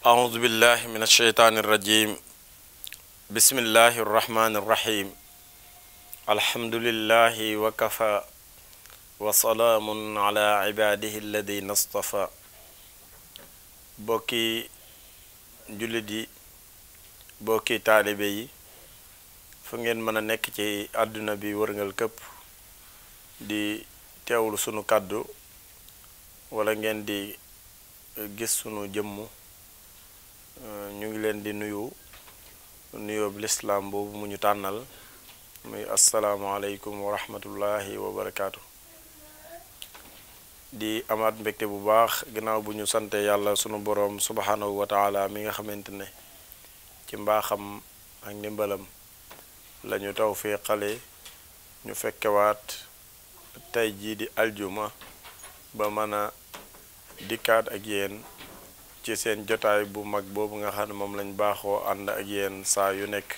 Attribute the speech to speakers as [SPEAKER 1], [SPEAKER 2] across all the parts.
[SPEAKER 1] أعوذ بالله من الشيطان الرجيم بسم الله الرحمن الرحيم الحمد لله وكفى وسلام على عباده الذين اصطفى bokki jullit yi bokki taalibe yi fu ngeen mën a nekk ci àdduna bi wërngal këpp di teewul sunu kàddu wala ngeen di gis sunu jëmm Euh, ñu ngi leen di nuyu nuyoob lislaam boobu mu ñu tànnal muy asalaamualeykum wa rahmatullahi wa di amaat mbégte bu baax ginnaaw bu ñu sante yàlla sunu boroom subhaanahu wa mi nga xamante ne ci mbaaxam ak ndimbalam lañu taw fii xale ñu fekkewaat tey jii di aljuma ba mën a dikkaat ak yéen ci seen jotaay bu mag boobu nga xam ne moom lañ baaxoo ànd ak yéen saa yu nekk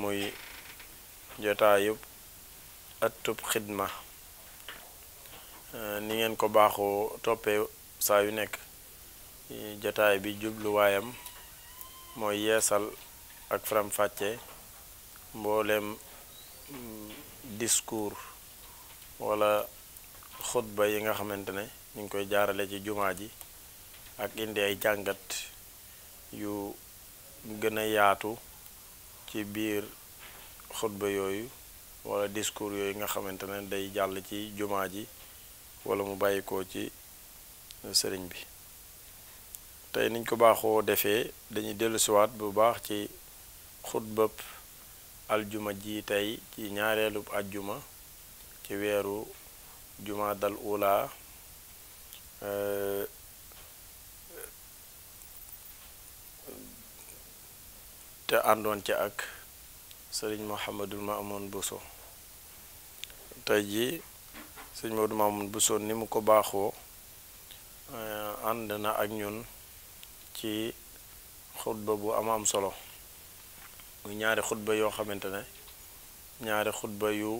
[SPEAKER 1] muy jotaayub ëttub xidma eh, ni ngeen ko baaxoo toppee saa yu nekk eh, jotaay bi jubluwaayam mooy yeesal ak faram-fàccee mbooleem mm, discours wala xutba yi nga xamante ne ñu ngi koy jaarale ci jumaa ji ak indi ay jàngat yu gën a yaatu ci biir xutba yooyu wala discours yooyu nga xamante ne day jàll ci jumaa ji wala mu bàyyikoo ci sëriñ bi tey niñ ko baaxoo defee dañuy dellusiwaat bu baax ci xutbab aljuma ji tey ci ñaareelub ajjuma ci weeru jumaa dal ula euh, te àndoon ca ak sëriñ Mouhamadul Mamoun Bousso tey jii sëriñ Mouhamadul Mamoun Bousso ni mu ko baaxoo eh, ànd na ak ñun ci xutba bu am am solo muy ñaari xutba yoo xamante ne ñaari xutba yu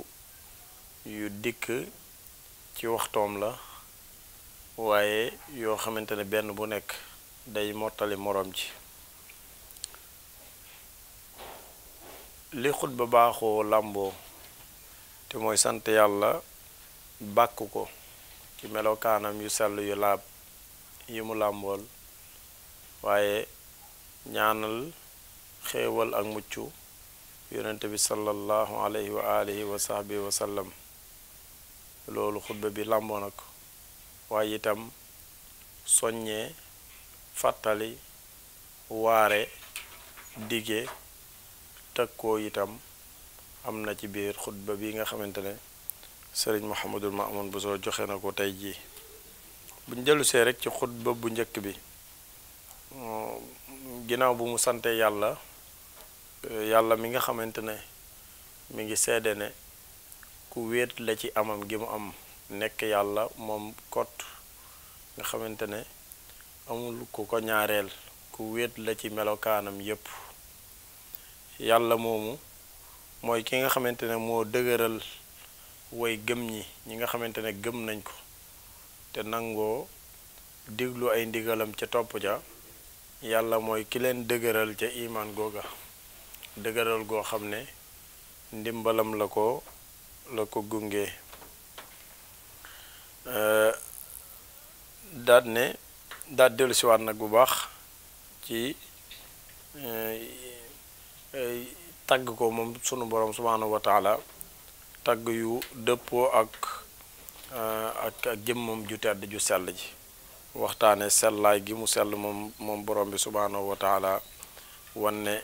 [SPEAKER 1] yu dikk ci waxtoom la waaye yoo xamante ne benn bu nekk day mottali moroom ji li xutba baaxoo làmboo te mooy sant yàlla bàkk ko ci melokaanam yu sell yu laab yi mu làmbool waaye ñaanal xéewal ak mucc yonent bi sallallahu alayhi wa alihi wa sahbihi wa loolu xutba bi làmboo na ko waaye itam soññee fàttali waare dige takkoo itam am na ci biir xutba bi nga xamante ne sëriñ amoon Mamoun soo joxee na ko tey jii buñ dellusee rek ci xutba bu njëkk bi ginnaaw bu mu sante yàlla eh, yàlla mi nga xamante ne mi ngi seede ne ku wéet la ci amam gi mu am nekk yàlla moom kot nga xamante ne amul ku ko ñaareel ku wéet la ci melokaanam yépp yàlla moomu mooy ki nga xamante ne moo dëgëral woy gëm ñi ñi nga xamante ne gëm nañ ko te nangoo diglu ay ndigalam ca topp ja yàlla mooy ki leen dëgëral ca imaan googa dëgëral goo xam ne ndimbalam la ko la ko gunge daat ne daat dellusiwaat nag bu baax ci Eh, tagg ko moom sunu borom subhaanahu wa tagg yu dëppoo ak eh, ak ak jëmmam ju tedd ju sell ji waxtaane sellaay gi mu sell moom moom borom bi subhaanahu wa taala wanne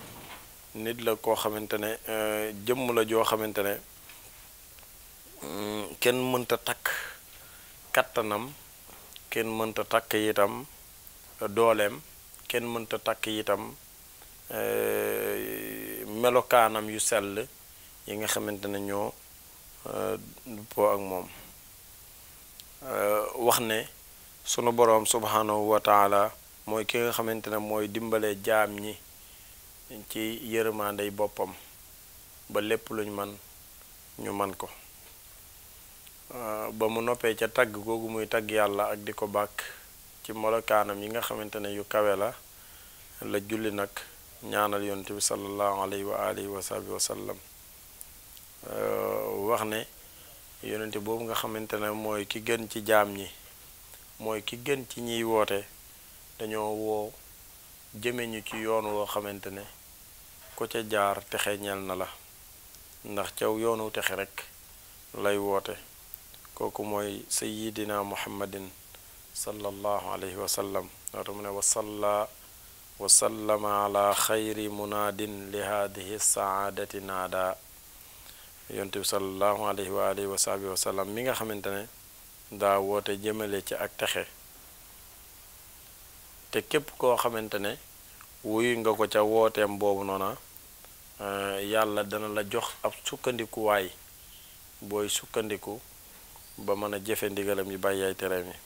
[SPEAKER 1] nit la koo xamante ne eh, jëmm la joo xamante ne mm, kenn mënta takk kattanam kenn mënta takk yitam dooleem kenn mënta takk yitam melokaanam yu sell yi nga xamante ne ñoo euh, duppoo ak moom euh, wax ne sunu boroom subhanahu wa taala mooy ki nga xamante ne mooy dimbale jaam ñi ci yërëmaandey boppam ba lépp luñ man ñu man ko euh, ba mu noppee ca tagg googu muy tagg yàlla ak di ko bàkk ci melokaanam yi nga xamante ne yu kawe la la julli nag ñaanal yonent bi sallallahu alayhi wa alihi wa sahbi wa sallam euh, wax ne yonent boobu nga xamante ne mooy ki gën ci jaam ñi mooy ki gën ci ñiy woote dañoo woo jëme ñu ci yoon woo xamante ne ku ca jaar texe ñel na la ndax caw yoonu texe rekk lay woote kooku mooy sayidina muhammadin sallallahu alayhi wa sallam waata mu ne wasalla wa sallama ala xayri munaadin li haadihi saadati naada yonte bi salallahu alayhi wa alihi mi nga xamante ne daa woote jëmale ci ak texe te képp koo xamante ne wuyu nga ko ca wooteem boobu noona eh, yàlla dana la jox ab sukkandikuwaay booy sukkandiku ba mën a jëfe ndigalam yi bàyyi tereem yi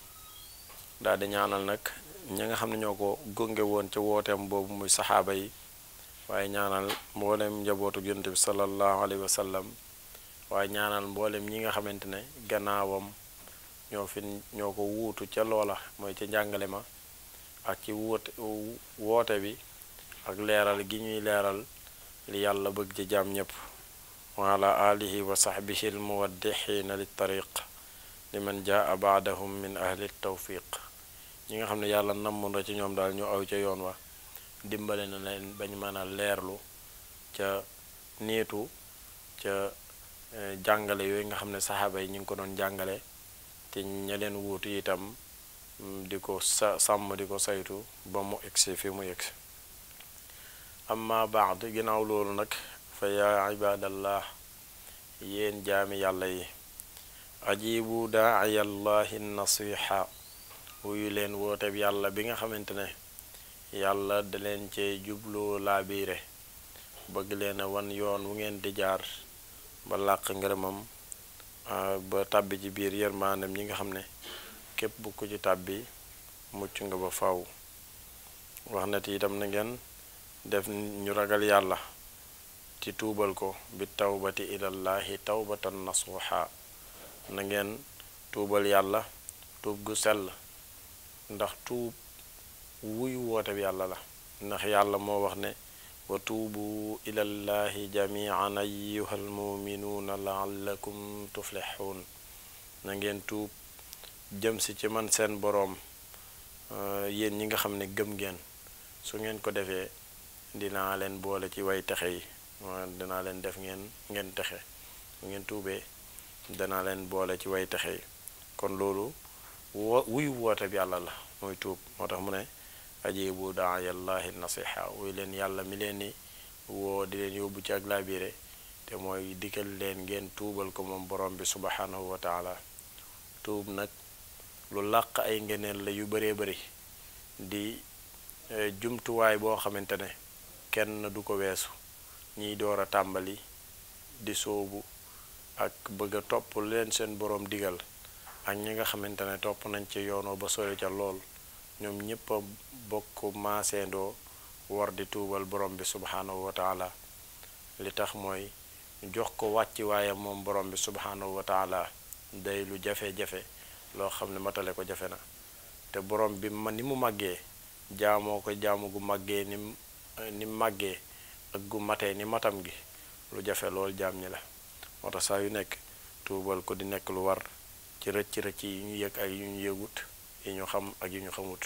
[SPEAKER 1] daal di ñaanal nag ñi nga xam ne ñoo ko gunge woon ca wooteem boobu muy saxaaba yi waaye ñaanal mboolem njabootu yonent bi sallallahu alayhi wa sallam waaye ñaanal mboolem ñi nga xamante ne gannaawam ñoo fi ñoo ko wuutu ca loola mooy ca jàngale ma ak ci woote woote bi ak leeral gi ñuy leeral li yàlla bëgg ci jaam ñépp wala ala alihi wa sahbihi al muwaddixiina li tariq liman jaa baadahum min ahli tawfiq ñi nga xam ne yàlla namm na ci ñoom daal ñu aw ca yoon wa dimbale na leen ba mën a leerlu ca niitu ca e, jàngale yooyu nga xam ne saxaaba yi ñu ngi ko doon jàngale te ña leen wuutu itam mm, di ko sa sàmm di ko saytu ba mu egsi fi mu egsi amma baad ginnaaw loolu nag fa yaa ibadallah yéen jaami yàlla yi ajibu daa'iyallahi nasiha wuyu leen wooteb yàlla bi nga xamante ne yàlla da leen cee jublu laabiire bëgg leen a wan yoon wu ngeen di jaar ba làq ngërëmam ba tàbbi ci biir yërmaandam ñi nga xam ne képp bu ko ci tàbbi mucc nga ba faw wax na ti itam na ngeen def ñu ragal yàlla ci tuubal ko bi tawbati ilallahi tawbatan nasuha na ngeen tuubal yàlla tuub gu sell ndax tuub wuy woote yàlla la ndax yàlla moo wax ne wa tuubu ilallahi jamian ayyuha almuminuuna laallakum tuflixuun na ngeen tuub jëm si ci man seen boroom euh, yéen ñi nga xam ne gëm ngeen su ngeen ko defee dinaa leen boole ci way texe yi dinaa leen def ngeen ngeen texe su ngeen tuubee danaa leen boole ci way texe yi kon loolu wo wuy woote bi yàlla la mooy tuub moo tax mu ne ajibu daayallaahi nasiha wuy leen yàlla mi leen ni woo di leen yóbbu ci ak laabire te mooy dikkal leen ngeen tuubal ko moom boroom bi subhanahu wa taala tuub nag lu làq ay ngeneen la yu baree bëri di e, jumtuwaay boo xamante ne kenn du ko weesu ñiy door a tàmbali di soobu ak bëgg a topp leen seen borom digal ak ñi nga xamante ne topp nañ ci yoono ba sori ca lool ñoom ñépp a bokk maaseendoo war di tuubal borom bi subhaanahu wa li tax mooy jox ko wàcc waaye moom borom bi subhaanahu wa taala day lu jafe-jafe loo xam ne matale ko jafe na te borom bi ma ni mu màggee jaamoo ko jaamu gu màggee ni màggee ak gu matee ni matam gi lu jafe lool jaam ñi la moo tax yu nekk tuubal ko di nekk lu war ci rëcc rëcc yi ñu yëg ak yu ñu yëgut yi ñu xam ak yu ñu xamut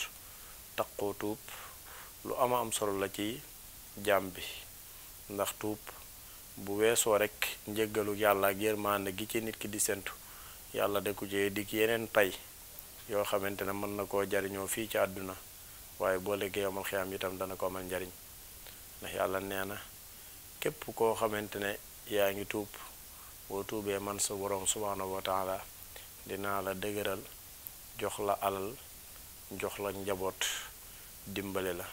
[SPEAKER 1] taqoo tuub lu ama am solo la ci jaam bi ndax tuub bu weesoo rekk njëggalu yàlla ak yërmaande gi ci nit ki di sentu yàlla da ko ci dig yeneen pay yoo xamante ne mën na koo jariñoo fii ci àdduna waaye boo léegi yomal xiyaam itam dana koo amal njariñ ndax yàlla nee na képp koo xamante ne yaa ngi tuub boo tuubee man sa boroom subhaanahu wa dinaa la dëgëral jox la alal jox la njaboot dimbali la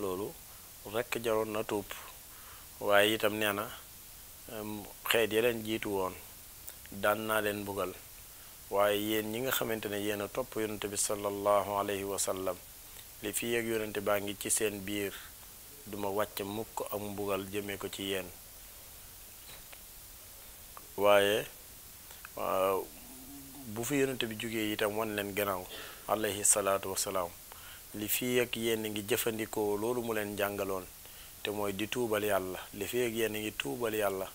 [SPEAKER 1] loolu rekk jaroon na tuub waaye itam nee na xeet ya leen jiitu woon daan naa leen mbugal waaye yéen ñi nga xamante ne yéen a topp yonente bi sallallahu alayhi wa li fi yéeg yonente baa ngi ci seen biir duma wàcc mukk ak mbugal jëmee ko ci yéen waaye bu fi yonent bi jógee itam wan leen gannaaw alayhi salaatu wasalaam li fii ak yéen ngi jëfandikoo loolu mu leen jàngaloon te mooy di tuubal yàlla li fii ak yéen ngi tuubal yàlla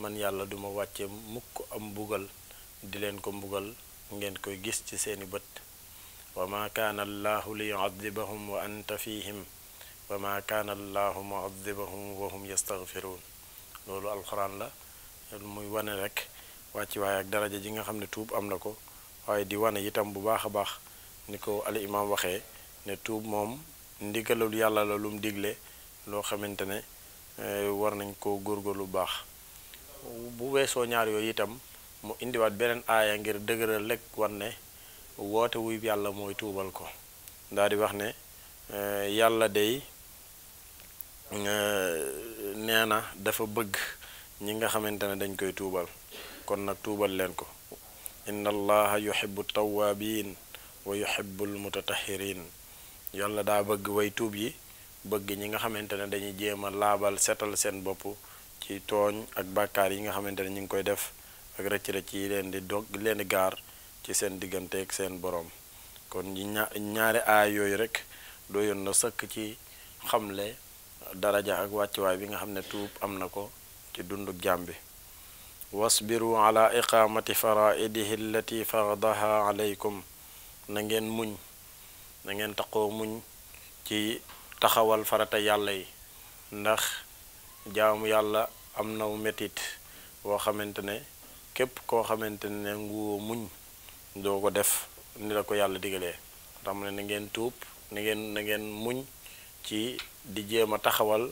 [SPEAKER 1] man yàlla duma wàcce mukk am mbugal di leen ko mbugal ngeen koy gis ci seeni bët wa ma kaana allaahu li yuadibahum wa anta fihim wa ma kaana allaahu muadibahum wa hum yastaghfiruun loolu alxuraan la muy wane rek wàcc waaye ak daraja ji nga xam ne tuub am na ko waaye di wane itam bu baax a baax ni ko al imaam waxee ne tuub moom ndigalul yàlla la lum digle loo xamante ne eh, war nañ ko lu baax bu weesoo ñaar yooyu itam mu indiwaat beneen aaya ngir dëgëral lekk wan ne woote wuy yàlla mooy tuubal ko daal di wax ne eh, yàlla day eh, nee na dafa bëgg ñi nga xamante ne dañ koy tuubal kon nag tuubal leen ko inna allaha yuhibbu tawaabiin wa yuhibbul mutatahhirin yàlla daa bëgg way tuub yi bëgg ñi nga xamante ne dañuy jéem a laabal setal seen bopp ci tooñ ak bàkkaar yi nga xamante ne ñu ngi koy def ak rëcc-rëcc yi leen di dog leen di gaar ci seen diggante ak seen boroom kon ñi ñaari aay yooyu rek doyoon na sëkk ci xamle daraja ak wàccuwaay bi nga xam ne tuub am na ko ci dundu jaam bi wasbiru ala iqaamati faraidihi allati faradaha aleykum na ngeen muñ nangeen ngeen muñ ci taxawal farata yàlla yi ndax jaamu yàlla am naw metit woo xamante ne képp koo xamante ne nguwoo muñ doo ko def ni la ko yàlla digalee tam ne ngeen tuub na ngeen na muñ ci di jéem a taxawal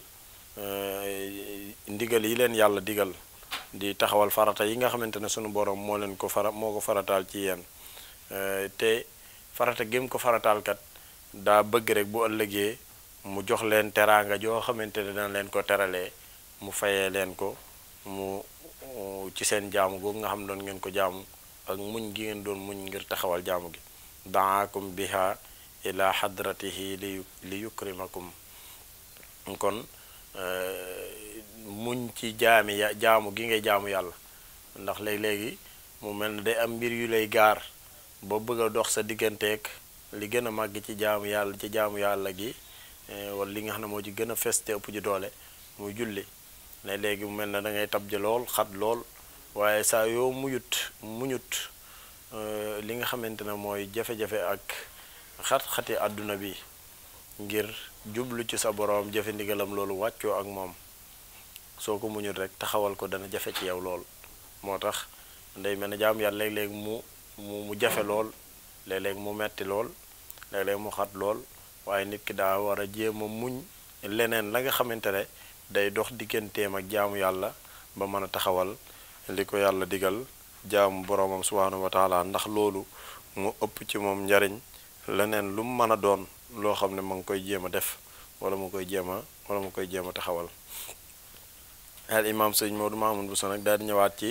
[SPEAKER 1] eh, ndigal yi leen yàlla digal di taxawal farata yi nga xamante ne sunu borom moo leen ko fara moo ko farataal ci yéen eh, te farata gém ko farataalkat daa bëgg rek bu ëllëgee mu jox leen teraanga joo xamante ne dana leen ko teralee mu fayee leen ko mu uh, ci seen jaamu googu nga xam doon ngeen ko jaamu ak muñ gi ngeen doon muñ ngir taxawal jaamu gi daakum biha ila xadratihi li yukrimakum kon eh, muñ ci jaami ya jaamu gi ngay jaamu yàlla ndax léegi-léegi mu mel ne day am mbir yu lay gaar ba bëgg a dox sa digganteek li gën a màgg ci jaamu yàlla ci jaamu yàlla gi eh, wala li nga xam ne moo ci gën a feste ëpp ci doole muy julli ne léegi mel ne da ngay tabje lool xat lool waaye saa yoo muyut muñut eh, li nga xamante ne mooy jafe-jafe ak xat-xati àdduna bi ngir jublu ci sa borom jëfe ndigalam loolu wàccoo ak moom soo ko mu muñul rek taxawal ko dana jafe ci yow lool moo tax day mel ne jaam yàlla léeg-léeg mu mu mu jafe lool léeg-léeg mu metti lool léeg-léeg mu xat lool waaye nit ki daa war a jéem a muñ leneen la nga xamante ne day dox digganteem ak jaamu yàlla ba mën a taxawal li ko yàlla digal jaamu boromam subhaanahu wa taala ndax loolu mu ëpp ci moom njariñ leneen lu mën a doon loo xam ne ma ngi koy jéem a def wala mu koy jéem a wala mu koy jéem a taxawal al imaam sëñ Modou Mamoun Bousso nag daal di ñëwaat ci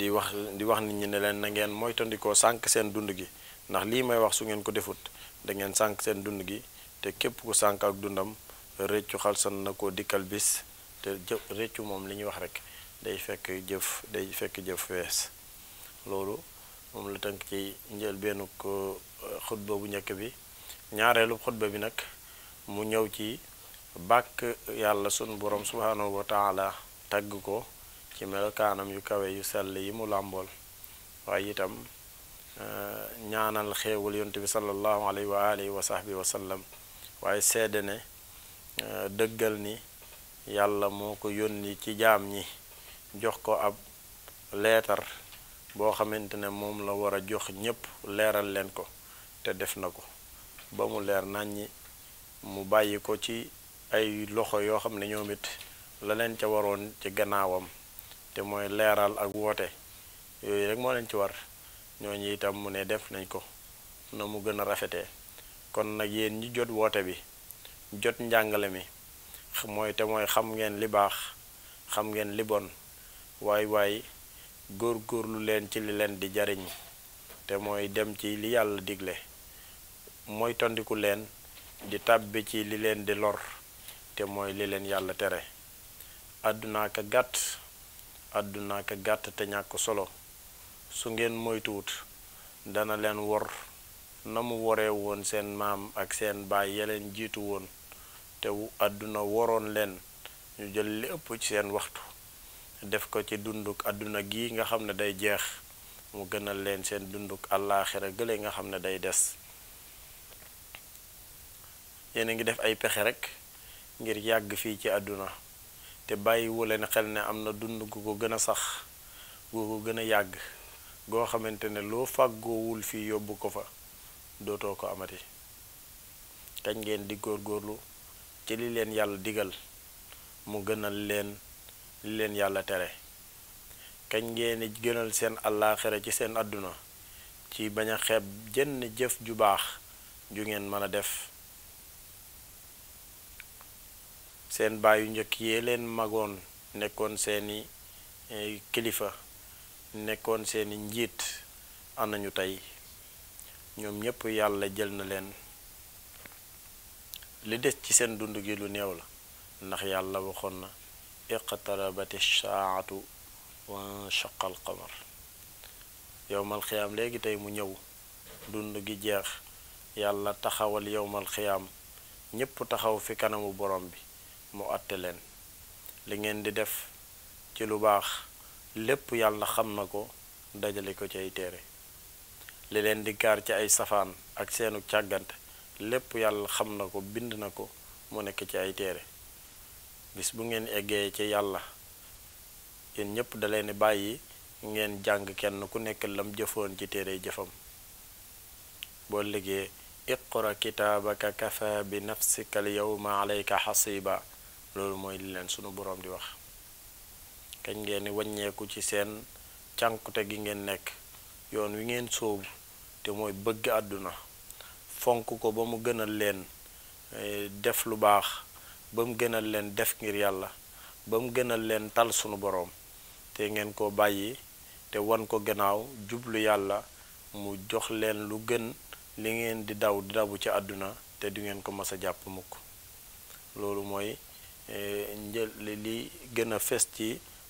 [SPEAKER 1] di wax di wax nit ñi ne leen na ngeen moytandikoo sànq seen dund gi ndax lii may wax su ngeen ko defut da ngeen sànq seen dund gi te képp ku sànq ak dundam rëccu xalsan na ko dikkal bis te jë rëccu moom li ñuy wax rek day fekk jëf day fekk jëf wees loolu moom la tënk ci njëlbeenu ko xutba bu njëkk bi ñaareelu xutba bi nag mu ñëw ci bàkk yàlla sun borom subhaanahu wa taala tagg ko ci melokaanam yu kawe yu sell yi mu làmbool waaye itam eh, ñaanal xéewal yontu bi sallallahu alayhi wa alihi wa sahbi waaye seede ne eh, dëggal ni yàlla moo ko yónni ci jaam ñi jox ko ab leetar boo xamant ne moom la war a jox ñépp leeral leen ko te def na ko ba mu leer nàññi mu bàyyi ko ci ay loxo yoo xam ne ñoom it laleen ca waroon ci gannaawam te mooy leeral ak woote yooyu rek moo leen ci war ñooñu itam mu ne def nañ ko na mu gën a rafetee kon nag yéen ñi jot woote bi jot njàngale mi mooy te mooy xam ngeen li baax xam ngeen li bon waay waay góor góorlu leen ci li leen di jariñ te mooy dem ci li yàlla digle mooy tondiku leen di tàbbi ci li leen di lor te mooy li leen yàlla tere àddunaa ka gàtt àddunaa ka gàtt te ñàkk solo su ngeen moytuwut dana leen wor na mu woree woon seen maam ak seen baay yeleen jiitu woon te àdduna woroon leen ñu jël li ëpp ci seen waxtu def ko ci dunduk àdduna gi nga xam ne day jeex mu gënal leen seen dunduk àllaaxira gële nga xam ne day des yéen a ngi def ay pexe rekk ngir yàgg fii ci àdduna te bàyyiwu leen xel ne am na dund gu ko gën a sax gu ko gën a yàgg goo xamante ne loo fàggoowul fii yóbbu ko fa dootoo ko amati kañ ngeen di góor góorlu ci li leen yàlla digal mu gënal leen li leen yàlla tere kañ ngeen gënal seen àllaaxira ci seen àdduna ci bañ a xeeb jenn jëf ju baax ju ngeen mën a def seen baay yu njëkk yee leen magoon nekkoon seeni eh, kilifa nekkoon seeni njiit anañu tey ñoom ñépp yàlla jël na leen li des ci seen dund gi lu néew la ndax yàlla waxoon na iqtarabati saatu wa shaqa al qamar yowmal xiyaam léegi tey mu ñëw dund gi jeex yàlla taxawal yowmal xiyaam ñépp taxaw fi kanamu borom bi mu àtte leen li ngeen di def ci lu baax lépp yàlla xam na ko dajale ko ci ay téere li leen di gaar ci ay safaan ak seenu càggant lépp yàlla xam na ko bind na ko mu nekk ci ay téere bis bu ngeen eggee ci yàlla yéen ñépp da leen bàyyi ngeen jàng kenn ku nekk lam jëfoon ci téere jëfam boo liggéey iqra kitaabaka kafa bi yow al lay alayka xasiba loolu mooy li leen sunu boroom di wax kañ ngeen di wàññeeku ci seen cànkute gi ngeen nekk yoon wi ngeen sóobu te mooy bëgg àdduna fonk ko ba mu gënal leen eh, def lu baax ba gënal leen def ngir yàlla ba mu gënal leen tal sunu boroom te ngeen koo bàyyi te wan ko gannaaw jublu yàlla mu jox leen lu gën li ngeen di daw di dabu ci àdduna te du ngeen ko mës a jàpp mukk loolu mooy Eh, njël li gën a fes ci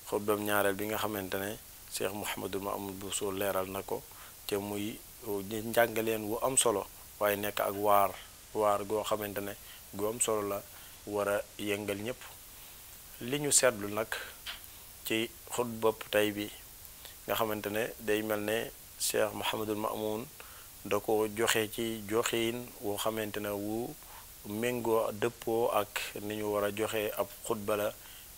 [SPEAKER 1] xutbam ñaareel bi nga xamante ne Cheikh Mouhamadul Mamoun Bousso leeral na ko te muy uh, njàngaleen wu am solo waaye nekk ak waar waar goo xamante ne gu am solo la war a yëngal ñépp li ñu seetlu nag ci bopp tey bi nga xamante ne day mel ne Cheikh Mouhamadul Mamoun da ko joxe ci joxin woo xamante ne wu méngoo dëppoo ak ni ñu war a joxe ab xutba la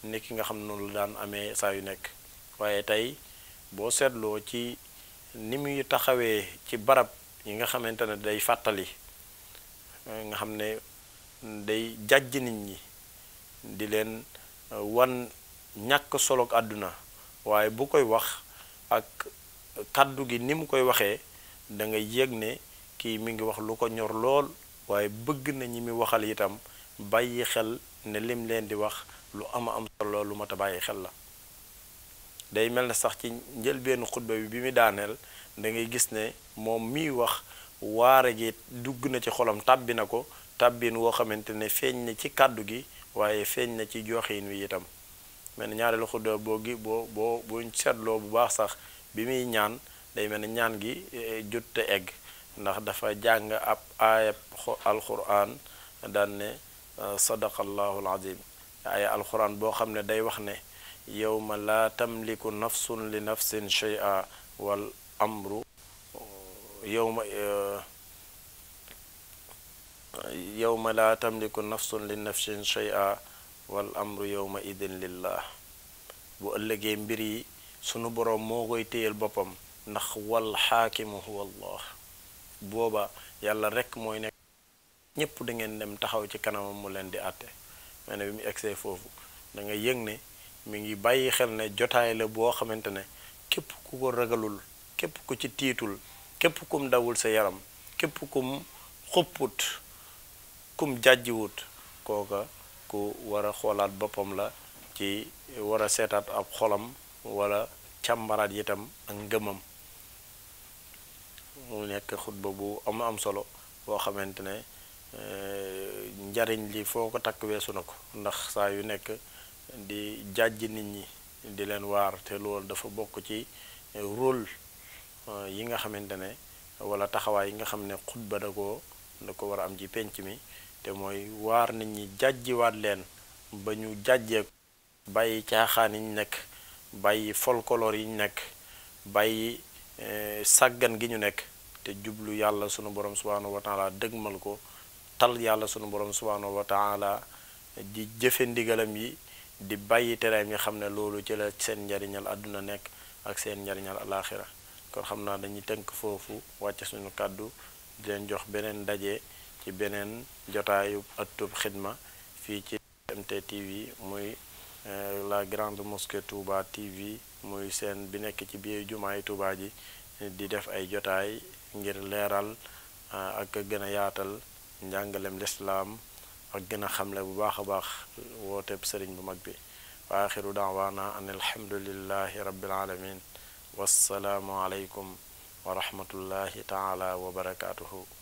[SPEAKER 1] ni ki nga xam noonu la daan amee saa yu nekk waaye tey boo seetloo ci ni muy taxawee ci barab yi nga xamante ne day fàttali nga xam ne day jàjj nit ñi di leen uh, wan ñàkk solo àdduna waaye bu koy wax ak kàddu gi ni mu koy waxee da nga yëg ne kii mi ngi wax lu ko ñor lool waaye bëgg nañu ñi mi waxal itam bàyyi xel ne lim leen di wax lu ama am solo lu mat a bàyyi xel la day mel na sax ci njëlbeenu xutba bi bi mu daaneel dangay gis ne moom muy wax waare gi dugg na ci xolam tàbbi na ko tàbbin woo xamante ne feeñ na ci kàddu gi waaye feeñ na ci joxin wi itam mel na ñaareelu xutba boo gi boo boo buñ seetloo bu baax sax bi muy ñaan day mel ne ñaan gi eh, jot te egg ndax dafa jàng ab aayab alquran daan ne ah, sadaqallahu alazim aaya boo xam ne day wax ne yowma laa tamliku nafsun li nafsin shay'a wal amru yowma eh, yowma laa tamliku nafsun li nafsin shay'a wal amru yowma idin lillah bu ëllëgee mbir yi sunu boroom moo koy téyal boppam ndax wal xaakimu huwa allah booba yàlla rek mooy nekk ñëpp da ngeen dem taxaw ci kanamam mu leen di àtte ma ne bi mu egsee foofu da nga yëg ne mu ngi bàyyi xel ne jotaay la boo xamante ne képp ku ko ragalul képp ku ci tiitul képp kum dawul sa yaram képp kum xupput kum jàjjiwut kooka ku war a xoolaat boppam la ci war a seetaat ab xolam wala càmbaraat yitam ak ngëmam mu nekk xutba bu am am solo boo xamante ne eh, njariñ li foo ko takk weesu na ko ndax saa yu nekk di jàjj nit ñi di leen waar te lool dafa bokk ci rôle eh, yi nga xamante ne wala taxawaay yi nga xam ne xutba da ko war a am ci penc mi te mooy waar nit ñi jàjjiwaat leen ba ñu jàjjee bàyyi caaxaan yi ñu nekk bàyyi folklore yi ñu nekk bàyyi Eh, sàggan gi ñu nekk te jublu yàlla sunu borom subhanahu wa taala dëgmal ko tal yàlla sunu borom subhanahu wa taala di jëfe ndigalam yi di bàyyi tereem yi xam ne loolu ci la seen njariñal àdduna nekk ak seen njariñal alaaxira kon xam naa dañuy tenk foofu wàcc suñu kàddu di jox beneen daje ci beneen jotaayu ëttub xidma fii ci GMT TV muy eh, la grande mosquée Touba TV muy seen bi nekk ci biir jumaay Tuubaa ji di def ay jotaay ngir leeral ah, ak gën a yaatal njàngalem lislaam ak gëna xamle bu baax a baax wooteeb sëriñ bu mag bi wa axiru daawaana an alhamdulillahi rabbil alamin wassalaamu aleykum wa rahmatullahi taala